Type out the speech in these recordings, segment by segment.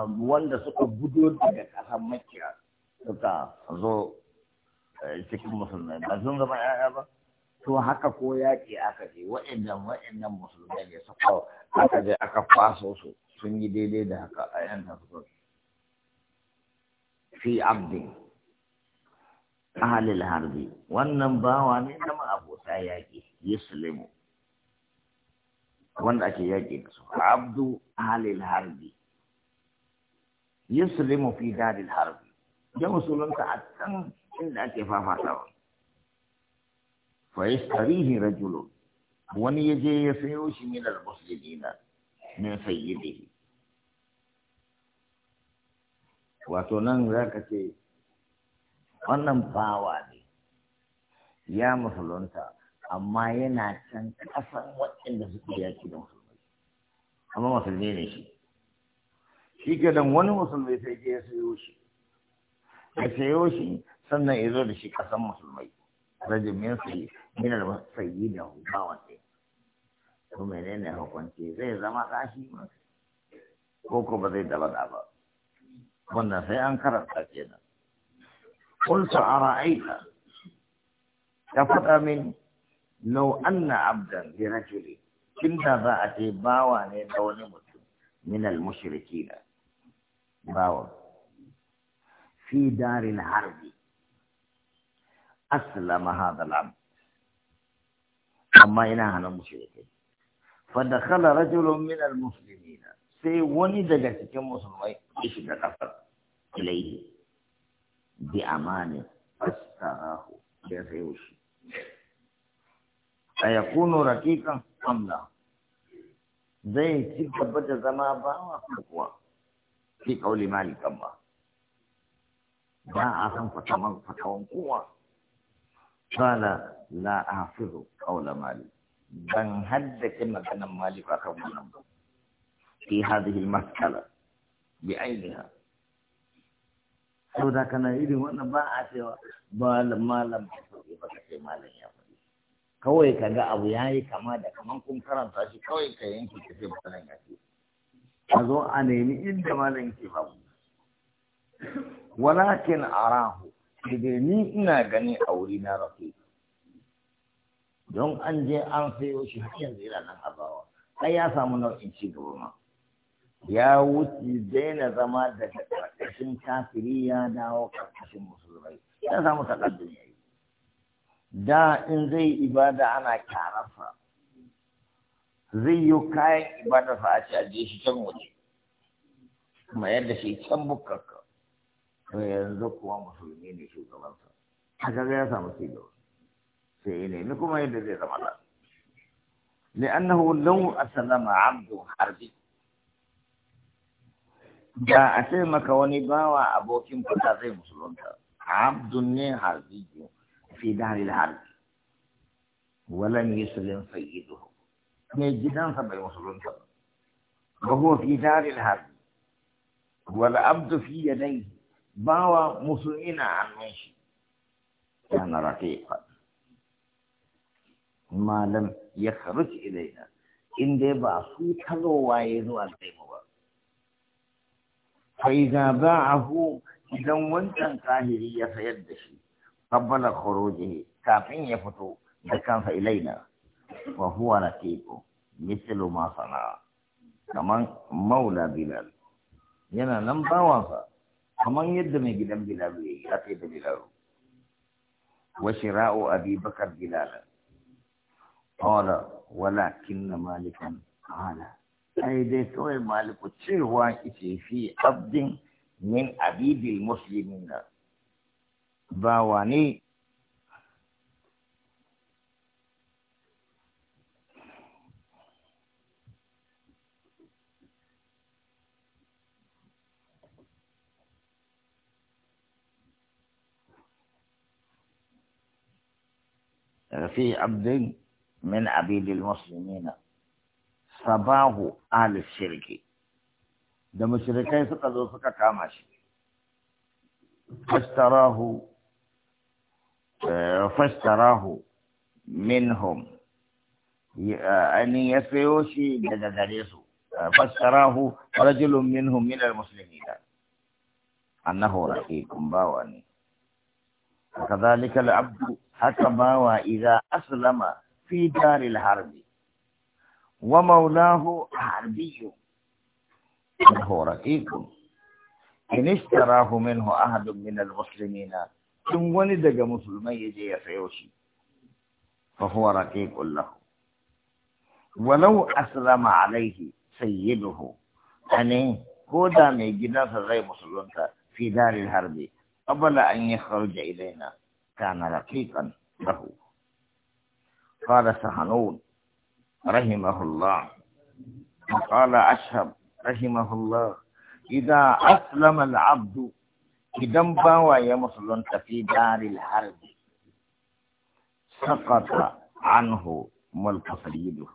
Um, wanda suka gudo daga ƙasar makiya suka zo eh, cikin musulmai ba sun zama ya'ya ba to haka ko yaƙi aka je wa'annan wa'annan musulmai ne suka aka je aka kwaso su sun yi daidai da haka a 'yan suka fi abdin ahalil harbi wannan bawa ne na ma'abota yaƙi yuslimu wanda ake yaƙi da su abdu ahalil harbi yuslimu fi dalil harbi ya musulunta a can inda ake fafatawa fa yastarihi rajulun wani ya je ya sayo shi min al-muslimina min sayyidihi wato nan za ka ce wannan bawa ne ya musulunta amma yana can kasan waɗanda suke yaki da musulmai amma musulmi ne shi shi ke don wani musulmai sai ke ya sayo shi A sayo shi sannan ya zo da shi kasan musulmai rajin min sai minar sayi da bawan ne to menene hukunci zai zama kashi ma ko ko ba zai daba da ba wannan sai an karanta kenan قلت أرأيت تفضى من لو أن عبدا لرجل كنت ذاتي باواني دون مسلم من na. باو في دار الحرب اسلم هذا العبد اما انا انا مشرك فدخل رجل من المسلمين سي وني دجت كم مسلم اي شيء كفر اليه بامانه فاستراه بريوش ايكون رقيقا ام لا زي تلك بجا زمان باو fi kauli malikan ba ba a san fatawan fatawan kowa kala la hafizu kaula malik ban haddace maganan malik akan wannan ba fi hadhihi al-mas'ala bi ainiha saboda kana irin wannan ba a cewa malam malam ba ce ba ka ce malam ya faɗi kawai ka ga abu ya yi kama da kaman kun karanta shi kawai ka yanke ka ce malam ya ce a zo a nemi inda malam ke walakin arahu da ni ina gani a wuri na rafi don an je an sayo shi har yanzu yana nan a bawa kai ya samu nau'in ci gaba ma ya wuce daina zama daga ƙarƙashin kafiri ya dawo ƙarƙashin musulmai ya samu takardun yi. da in zai ibada ana kyarar zai yi kayan ibada fa a ce a je shi can waje mayar yadda shi can bukaka. to yanzu kuwa musulmi ne sa. haka ga ya samu cigaba sai ne ni kuma yadda zai zama lafiya annahu لو أسلم عبد حربي da a ce maka wani bawa abokin kuta zai musulunta abdun ne harbi fi daril harbi walan yi sayyiduhu mai gidansa bai musulunta ba huwa fi daril harbi wal abdu fi yadayhi bawa musulmi na hannun shi yana malam ya kharuj ilaina in dai ba su tazowa ya zuwa sai mu ba fa a ba'ahu idan wancan kahiri ya sayar da shi qabbala khurujihi kafin ya fito da kansa ilaina wa huwa raqibu mislu ma sana'a kaman maula bilal yana nan bawansa kaman yadda mai gidan bilal ya yi da bilal wa shira'u abi bakar bilal qala walakin malikan ala ai dai kawai maliku cewa ita fi abdin min abidil muslimin Bawa ne. في عبد من عبيد المسلمين صباه آل الشرك ده مشركين سقطوا سقط كاماشي فاشتراه آه، فاشتراه منهم أن يسيوشي ددريسو فاشتراه رجل منهم من المسلمين أنه رقيق باواني وكذلك العبد حكما وإذا أسلم في دار الحرب ومولاه حربي وهو رقيق إن اشتراه منه أحد من المسلمين إن ولدك مسلمي يجي يسعيوشي فهو رقيق له ولو أسلم عليه سيده أني يعني كودا ميجنا سزي مسلمتا في دار الحرب قبل أن يخرج إلينا كان رقيقا له قال سهنون رحمه الله وقال أشهب رحمه الله إذا أسلم العبد إذا باوى في دار الحرب سقط عنه ملك سيده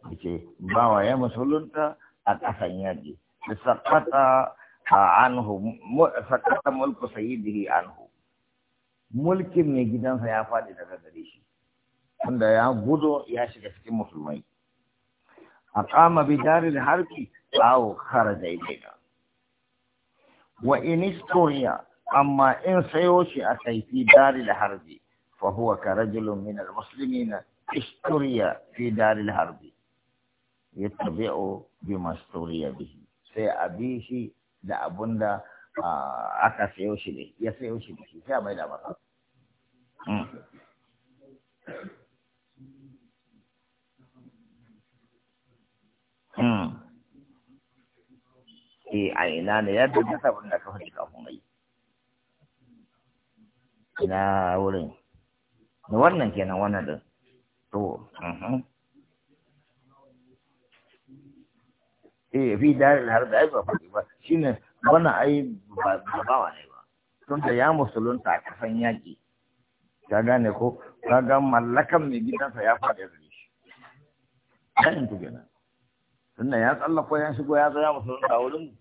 yace bawa ya musulunta a عنه فقط ملك سيده عنه ملك ميجدان سيا فادي دغه دري شي عند يقولون غدو يا شيخ في مسلمي اقام بدار الحرب او خرج ايتها وان استوريا اما ان سيوشي اتي في دار الحرب فهو كرجل من المسلمين استوريا في دار الحرب يتبع بما استوريا به سيأبيه da abun da aka sayo shi ne ya sayo shi ne sai mai da masa E, a ina ne ya duk abin da ka faɗi kafin mai ina wurin wannan kenan wannan din to mhm. eh fi darin har da ai ba faɗi ba shine wannan ai ba bawa ne ba tun da ya musulunta a kasan yaƙi ka gane ko ka ga mallakan mai gidansa ya faɗi gare shi kayan ku kenan tunda ya tsallako ya shigo ya zo ya musulunta wurin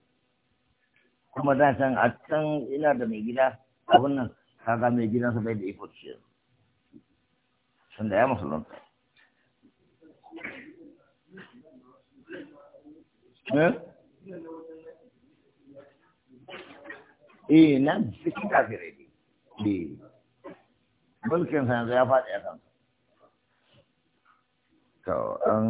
kuma da can a can ina da mai gida abin nan kaga mai gidansa bai da iko ciyar tunda ya musulunta Eh? eh nan cikin kafirai ne eh. mulkin sa ya faɗi a kan to an